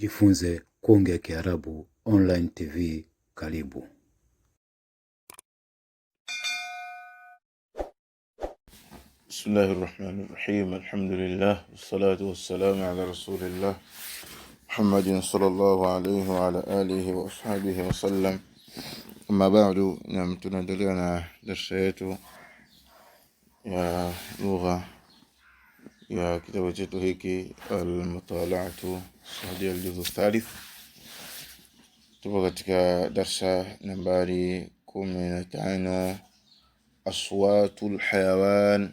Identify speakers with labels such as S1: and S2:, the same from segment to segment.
S1: Jifunze kuongea Kiarabu online TV karibu.
S2: Bismillahi rahmani rahim, alhamdulillah wassalatu wassalamu ala rasulillah Muhammadin sallallahu alayhi wa ala alihi wa ashabihi wasallam, amma ba'du. Nam, tunaendelea na darsa yetu ya lugha ya kitabu chetu hiki almutalaatu Sadia, aljuzuu thalith. Tupo katika darsa nambari kumi na tano, aswatu lhayawan,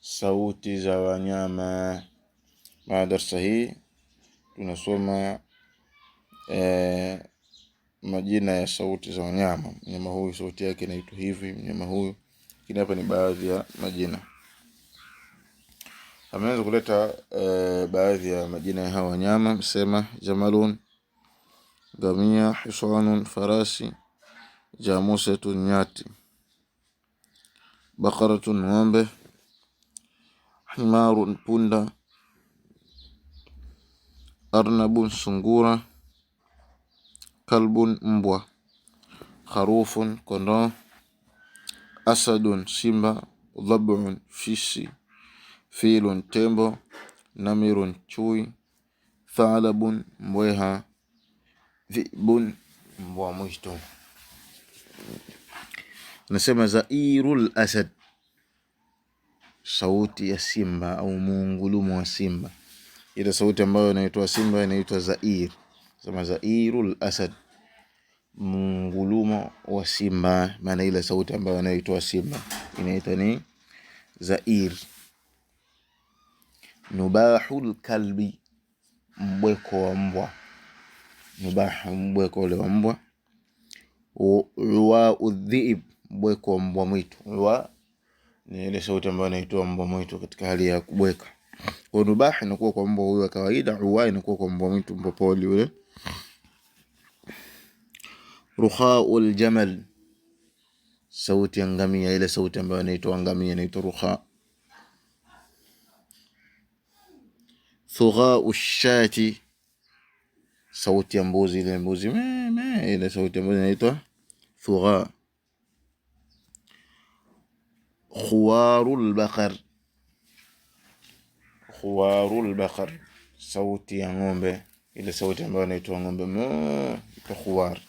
S2: sauti za wanyama. Ma darsa hii tunasoma eh, majina ya sauti za wanyama. Mnyama huyu sauti yake inaitwa hivi, mnyama huyu. Lakini hapa ni baadhi ya majina ameanza kuleta uh, baadhi ya majina ya hawa wanyama, msema jamalun, gamia, hisanun, farasi, jamusatun, nyati, bakaratun ng'ombe, himarun, punda, arnabun, sungura, kalbun, mbwa, kharufun, kondoo, asadun, simba, dhabun, fisi Filun tembo, namirun chui, thalabun mbweha, dhibun mbwa mwitu. Nasema zairul asad, sauti ya simba au muungulumo wa simba. Ile sauti ambayo inaitwa simba inaitwa zair. Sema zairul asad, muungulumo wa simba. Maana ile sauti ambayo inaitwa simba inaitwa ni zair nubahul kalbi, mbweko wa mbwa. Nubahu, mbweko ule wa mbwa. Ruwau dhiib, mbweko wa mbwa mwitu. Ruwa ni ile sauti ambayo inaitoa mbwa mwitu katika hali ya kubweka. Kwa nubaha inakuwa kwa mbwa huyo wa kawaida, ruwa inakuwa kwa mbwa mwitu, mbwa poli ule. Rukhaul jamal, sauti ya ngamia, ile sauti ambayo inaitwa ngamia inaitwa rukha ثغاء الشاة sauti ya mbuzi, ile mbuzi mee mee, ile sauti ya mbuzi inaitwa thugha. Khuwarul bakar, khuwarul bakar, sauti ya ng'ombe, ile sauti ambayo inaitwa ng'ombe mee, khuwar,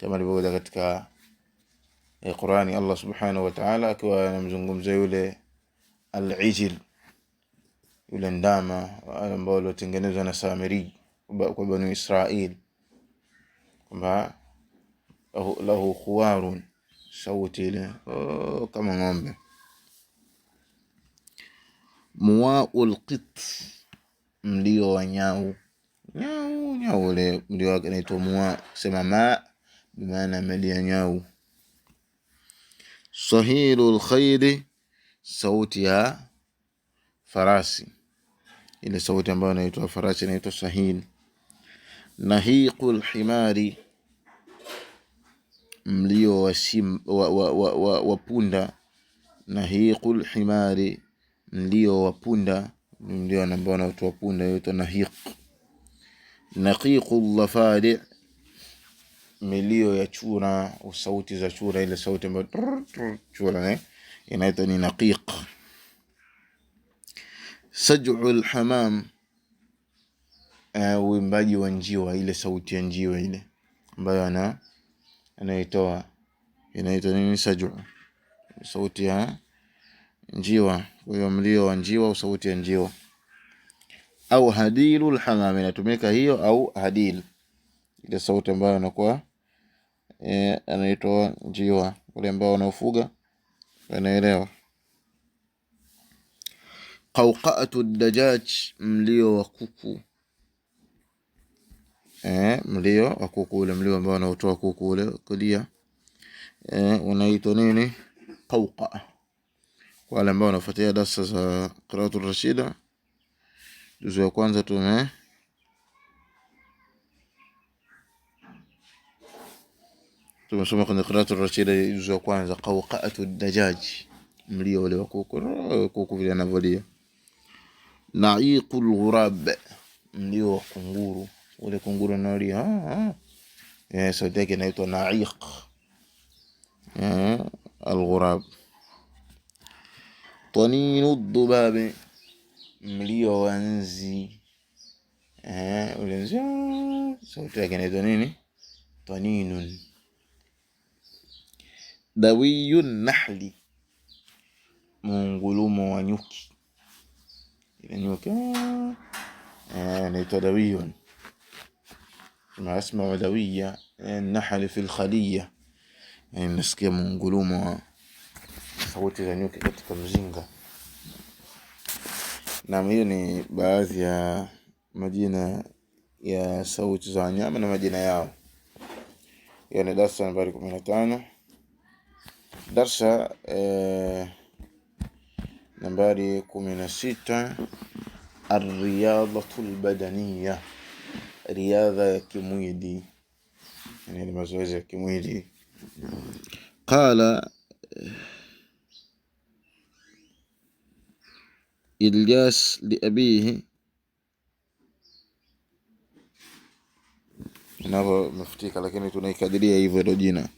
S2: kama alivyokuja katika Qurani. Allah subhanahu wa ta'ala akiwa anamzungumzia yule al-ijil yule ndama ambao waliotengenezwa na Samiri kwa Banu Israil, kwamba lahu khuwarun, sauti ile oh, kama ng'ombe. Muwaul qit, mlio wa nyau nyau nyau, ule mlio wake naitwa muwa, sema ma bimaana melia nyau. Sahiru lkhairi, sauti ya farasi ile sauti ambayo inaitwa farasi inaitwa sahin. Nahiqu himari, mlio wa, wa, wa, wa, wa punda. Nahiqu himari, mlio wa punda, mlio ambao unaitwa punda inaitwa nahiq. Naqiqul lafadi, milio ya chura, sauti za chura, ile sauti ambayo chura eh, inaitwa ni naqiq saju lhamam eh, uimbaji uh, wa njiwa, ile sauti ya njiwa ile ambayo ana anaitoa inaitwa nini? Saj'u, sauti ya njiwa. Kwa hiyo mlio wa njiwa au sauti ya njiwa. Au hadilu hamam, inatumika hiyo, au hadil, ile sauti ambayo anakuwa eh, anaitoa njiwa. Wale ambao wanaofuga wanaelewa. Qauqaatu dajaj, mlio wa kuku eh, mlio wa kuku ule mlio ambao wanaotoa kuku ule kulia eh, unaitwa nini? Qauqa. Kwa wale ambao wanafuatia darasa za qiraatu Rashida juzu ya kwanza tume tumesoma kwenye qiraatu Rashida juzu ya kwanza, Qauqaatu dajaj, mlio ule wa kuku kuku vile anavolia Naiqul ghurab, mlio wa kunguru, ule kunguru naolia ah, ah. eh, sauti yake inaitwa naiq eh, alghurab. Taninu dubabi, mlio wa nzi eh, ule nzi ah, sauti yake inaitwa nini? Taninun. Dawiyun nahli, mungulumo wa nyuki إذن هو كان آه، علوي مع اسم علوية النحل في الخلية يعني نسكي من قلومة صوتي زنيوكي كتك مزينجا نعم هي ني بعضي مدينة يا صوتي زانيا من مدينة ياو يعني درسة نباركم من التانو درسة اه Nambari kumi na sita arriyadhatu lbadaniya, riadha ya kimwili, yani mazoezi ya kimwili. Qala Ilyas liabihi, napo mefutika, lakini tunaikadiria hivyo hilo jina.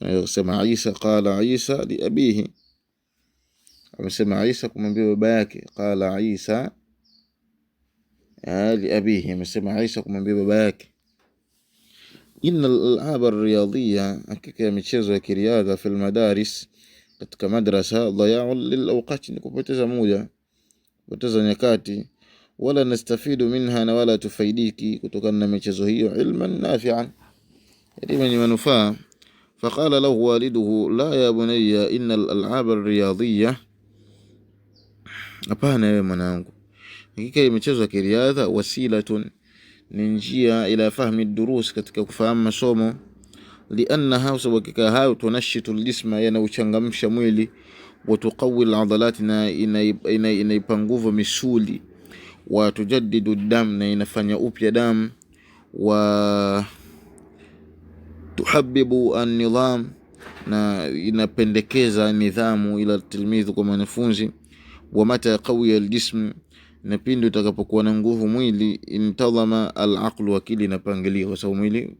S2: Anasema Isa qala Isa li abihi, amesema Isa kumwambia baba yake. Qala Isa li abihi, amesema Isa kumwambia baba yake. Inna al-al'aba ar-riyadiyya, hakika ya michezo ya kiriadha, fi al-madaris, katika madrasa, dhaya'u lil-awqati, ni kupoteza muda, kupoteza nyakati wala nastafidu minha, na wala tufaidiki kutokana na michezo hiyo, ilman nafi'an, elimu yenye manufaa faqala lahu waliduhu la ya bunayya inna al-al'ab ar-riyadiyya, hapana wewe mwanangu, hakika michezo ya kiriadha wasilatun, ni njia ila fahmi durus, katika kufahamu masomo liannaha, kwa sababu hakika hayo tunashitu aljisma, yanauchangamsha mwili watuqawi aladhalati, na inaipa nguvu misuli, watujadidu dam, na inafanya upya damu wa tuhabibu an-nidham, na inapendekeza nidhamu ila tilmidhu, kwa mwanafunzi. Wa mata qawiya al-jism, na pindi utakapokuwa na nguvu mwili. Intadhama al alaqlu, akili inapangilia kwa sababu mwili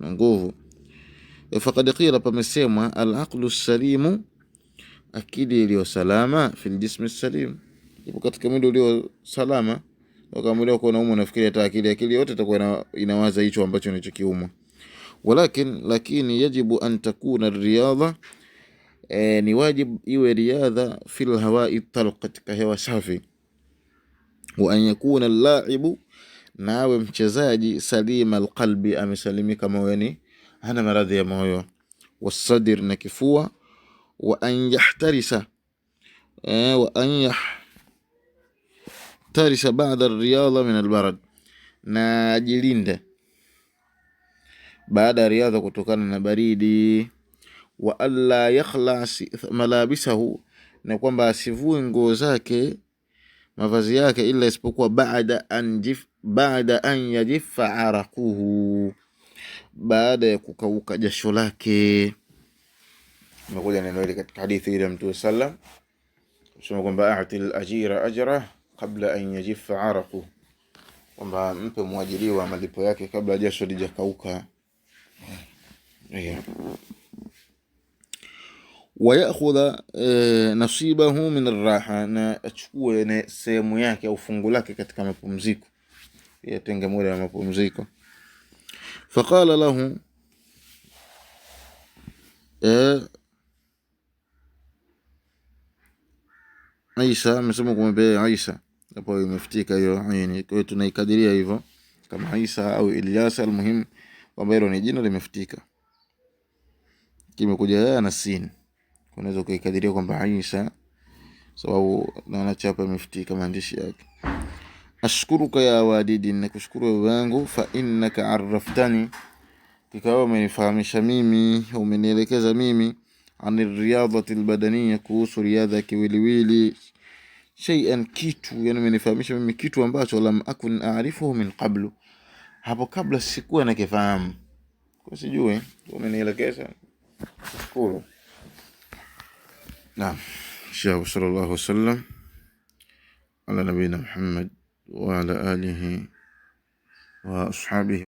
S2: na nguvu. Faqad qila, pamesemwa alaqlu salimu, akili iliyo salama. Fil jismi salim, ipo katika mwili ulio salama. Ukamuliwa kuwa naumwa, nafikiri hata akili akili yote itakuwa inawaza hicho ambacho inachokiuma walakin lakini yajibu an takuna riadha e, ni wajib iwe riadha fil hawai talq, katika hewa safi. Wa an yakuna allaibu, na awe mchezaji salima alqalbi, amesalimika moyoni, hana maradhi ya moyo. Wasadir, na kifua. Wa an yahtarisa e, wa an yahtarisa baada riadha min albarad, na jilinde baada ya riadha kutokana na baridi. Wa alla yakhla malabisahu, na kwamba asivue nguo zake mavazi yake, ila isipokuwa baada an jif, baada an yajifa arakuhu, baada ya kukauka jasho lake. Imekuja neno hili katika hadithi ile Mtume sallam sema kwamba ati al-ajira ajra kabla an yajifa arakuhu, kwamba mpe mwajiriwa malipo yake kabla jasho lijakauka wayakhudha e, nasibahu min arraha, na achukue sehemu yake au fungu lake katika mapumziko, yatenge muda wa mapumziko. Faqala lahu e, Isa amesema kumwambia Isa, hapo imefutika hiyo aini. Kwa hiyo tunaikadiria hivyo kama Isa au Ilyas, almuhim kwamba hilo ni jina limefutika kimekuja ya na sin, unaweza kuikadiria kwamba Aisha, sababu naona chapa imefutika maandishi yake. Ashkuruka ya wadidi, nakushukuru wewe wangu. Fa innaka araftani, kikawa umenifahamisha mimi, umenielekeza mimi ani riyadhati albadaniya, kuhusu riadha ya kiwiliwili shay'an kitu, yani umenifahamisha mimi kitu ambacho lam akun a'rifuhu min qablu, hapo kabla sikuwa nakifahamu, kwa sijui, umenielekeza تشكوه نعم شاب صلى الله وسلم على نبينا محمد وعلى آله وأصحابه